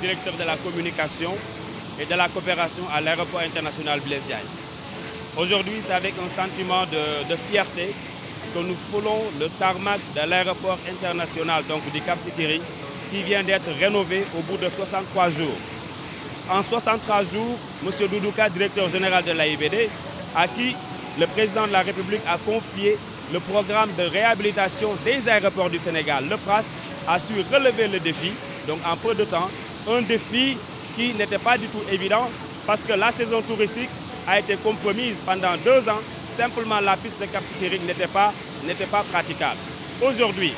directeur de la communication et de la coopération à l'aéroport international Blaise Aujourd'hui, c'est avec un sentiment de, fierté que nous foulons le tarmac de l'aéroport international donc du Cap Sikiri qui vient d'être rénové au bout de 63 jours. En 63 jours, M. Doudouka, directeur général de l'AIBD, à qui le président de la République a confié le programme de réhabilitation des aéroports du Sénégal, le PRAS, a su relever le défi. Donc en peu de temps, un défi qui n'était pas du tout évident parce que la saison touristique a été compromise pendant deux ans. Simplement, la piste de Cap n'était pas, n'était pas praticable. Aujourd'hui,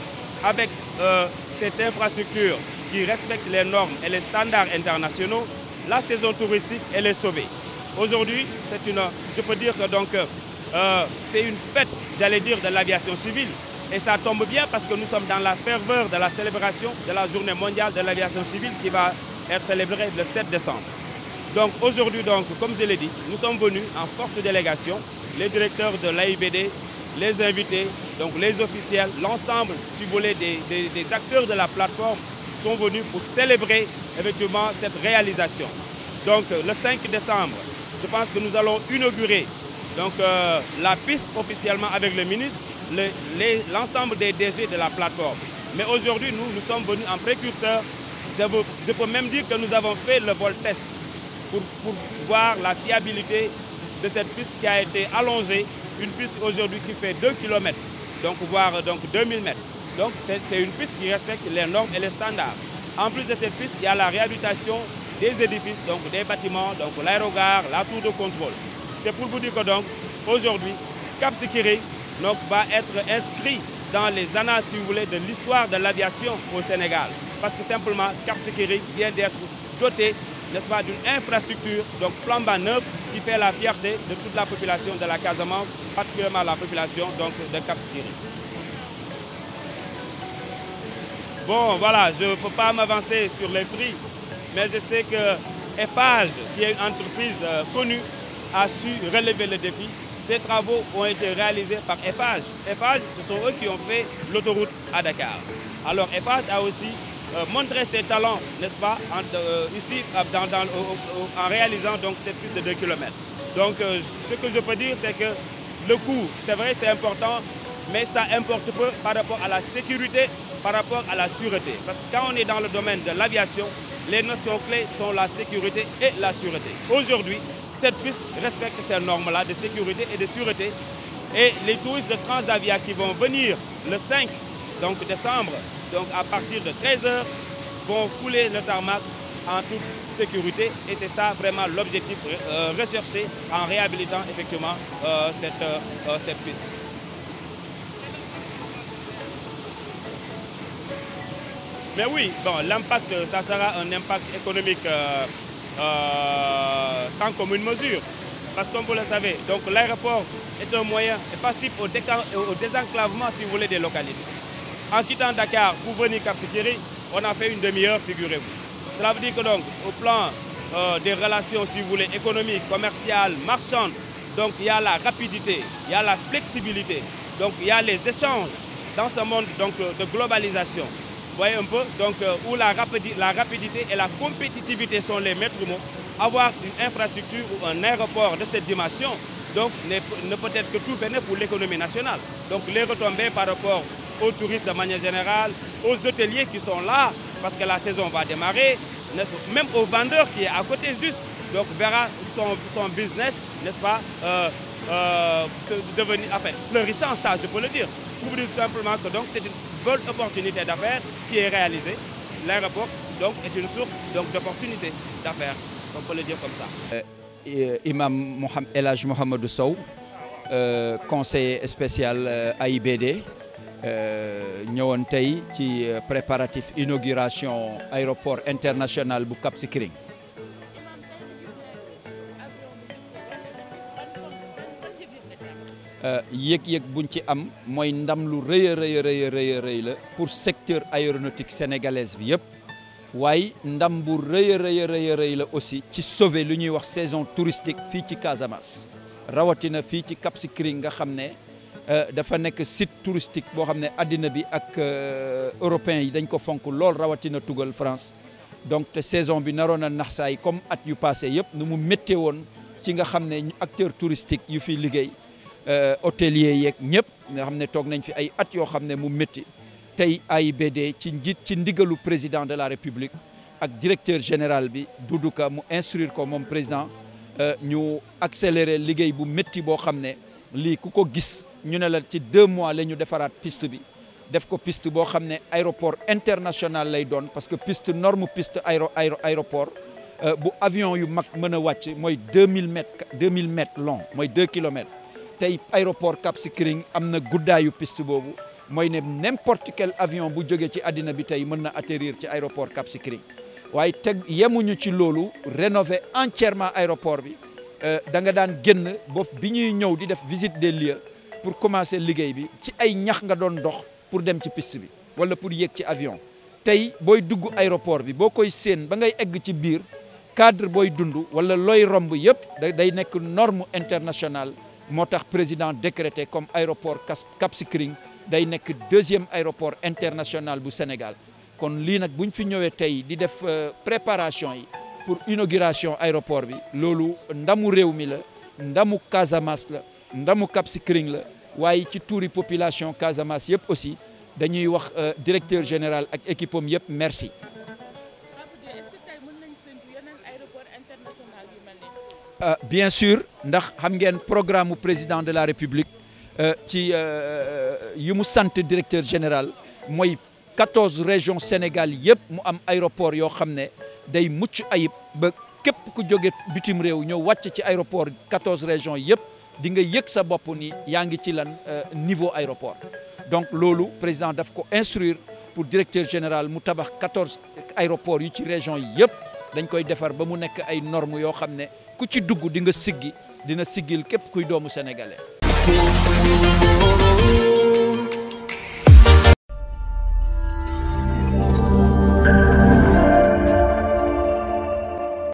avec euh, cette infrastructure qui respecte les normes et les standards internationaux, la saison touristique, elle est sauvée. Aujourd'hui, c'est je peux dire que donc, euh, c'est une fête, j'allais dire, de l'aviation civile. Et ça tombe bien parce que nous sommes dans la ferveur de la célébration de la journée mondiale de l'aviation civile qui va être célébrée le 7 décembre. Donc aujourd'hui, donc, comme je l'ai dit, nous sommes venus en forte délégation, les directeurs de l'AIBD, les invités, donc les officiels, l'ensemble, des, acteurs de la plateforme sont venus pour célébrer effectivement cette réalisation. Donc le 5 décembre, je pense que nous allons inaugurer donc, euh, la piste officiellement avec le ministre l'ensemble des DG de la plateforme. Mais aujourd'hui, nous, nous sommes venus en précurseur. Je, je, peux même dire que nous avons fait le vol test pour, voir la fiabilité de cette piste qui a été allongée. Une piste aujourd'hui qui fait 2 km, donc voire donc 2000 mètres. Donc c'est une piste qui respecte les normes et les standards. En plus de cette piste, il y a la réhabilitation des édifices, donc des bâtiments, donc l'aérogare, la tour de contrôle. C'est pour vous dire que donc aujourd'hui, Cap Sikiri donc, va être inscrit dans les annales, si vous voulez, de l'histoire de l'aviation au Sénégal. Parce que simplement, Cap Sikiri vient d'être doté, n'est-ce pas, d'une infrastructure, donc flambant neuve, qui fait la fierté de toute la population de la Casamance, particulièrement la population donc, de Cap Sikiri. Bon, voilà, je ne peux pas m'avancer sur les prix, mais je sais que EPAGE, qui est une entreprise euh, connue, a su relever le défi ces travaux ont été réalisés par EPAGE. EPAGE, ce sont eux qui ont fait l'autoroute à Dakar. Alors EPAGE a aussi euh, montré ses talents, n'est-ce pas, euh, ici, dans, en réalisant donc cette de 2 km. Donc, euh, ce que je peux dire, c'est que le coût, c'est vrai, c'est important, mais ça importe peu par rapport à la sécurité, par rapport à la sûreté. Parce que quand on est dans le domaine de l'aviation, les notions clés sont la sécurité et la sûreté. Aujourd'hui, cette piste respecte ces normes-là de sécurité et de sûreté. Et les touristes de Transavia qui vont venir le 5 décembre, donc à partir de 13h, vont couler le tarmac en toute sécurité. Et c'est ça vraiment l'objectif euh, recherché en réhabilitant effectivement euh, euh, cette, piste. Mais oui, bon, l'impact, ça sera un impact économique euh, sans commune mesure. Parce que comme vous le savez, donc l'aéroport est un moyen passif au, au, désenclavement, si vous voulez, des localités. En quittant Dakar pour venir Cap on a fait une demi-heure, figurez-vous. Cela veut dire que donc, au plan euh, des relations, si vous voulez, économiques, commerciales, marchandes, donc il y a la rapidité, il y a la flexibilité, donc il y a les échanges dans ce monde donc, euh, de globalisation. Vous voyez un peu, donc, euh, où la, la rapidité et la compétitivité sont les maîtres mots avoir une infrastructure ou un aéroport de cette dimension donc, ne peut être que tout bénéfique pour l'économie nationale. Donc les retombées par rapport aux touristes de manière générale, aux hôteliers qui sont là, parce que la saison va démarrer, même aux vendeurs qui est à côté juste, donc verra son, son business, n'est-ce pas, euh, euh, devenir, enfin, fleurissant, ça je peux le dire. Pour dire simplement que donc c'est une bonne opportunité d'affaires qui est réalisée. L'aéroport donc est une source d'opportunités d'affaires on peut le dire comme ça. Euh, euh, Imam Elhaj Mohamed Sow, euh, conseiller spécial AIBD, nous tey préparatif inauguration aéroport international bu Cap Skirring. yek yëg am secteur aéronautique sénégalais waaye ndam bu rëy a aussi ci sauver lu ñuy wax saison touristique fii ci Casamance rawatina fii ci Cap nga xam ne euh, dafa nekk site touristique boo xam ne addina bi ak euh, européens yi dañ ko fonk lool rawatina tugal France donc te saison bi naroon na nax saay comme at yu passé yëpp nu mu méttee woon ci nga xam acteur touristique yu fi liggéey euh, hôtelier yeeg ñëpp nga xam ne nañ fi ay at yoo xam mu métti tay AIBD ci njiit ci ndigalu président de la république ak directeur général bi Doudou mu instruire ko mom président euh, ñu accélérer liggéey bu metti bo xamné li kuko gis ñu ne la ci deux mois la ñu defaraat piste bi def ko piste bo xamné aéroport international lay doon parce que piste norme piste aéro aéroport euh, bu avion yu mag mën a moy 2000 deux mille mètres deux mille mètres long moy deux kilomètres tay aéroport Cap Skirring am na piste bobu ne n'importe quel avion bu a ci adina bi tay atterrir ci aéroport Cap Skirring ci rénover entièrement aéroport bi euh, da nga daan génn bo di visite des lieux pour commencer liguey bi ci ay nga pour dem ci piste bi wala pour avion boy dugg aéroport bi bokoy cadre wala norme internationale président décrété comme aéroport Cap day le deuxième aéroport international du Sénégal kon lii nag bu ñu fi ñëwee tey di def euh, préparation yi pour inauguration aéroport bi loolu ndamu réew mi la ndamu Casamance la ndamu Cap Skirring la waaye ci et population Casamance Merci. aussi dañuy wax euh, directeur général ak équipe am yëpp merci. Euh, bien sûr nous avons un programme au président de la république. Euh, ci euh, euh mu directeur général Moi, quatorze régions Sénégal yep, mu am aéroport yo xamné day mucc ayib ba képp ku jóge bitim réew ñëw wacc ci aéroport quatorze régions yep, di nga yëg sa bop ni yaangi ci lan euh, niveau aéroport donc lolu président daf ko instruire pour directeur général mu tabax quatorze aéroports yu ci région yep, dañ koy defar ba mu nek ay normes yo xamné ku ci dugg di nga siggi dina sigil képp kuy doomu sénégalais Thank you.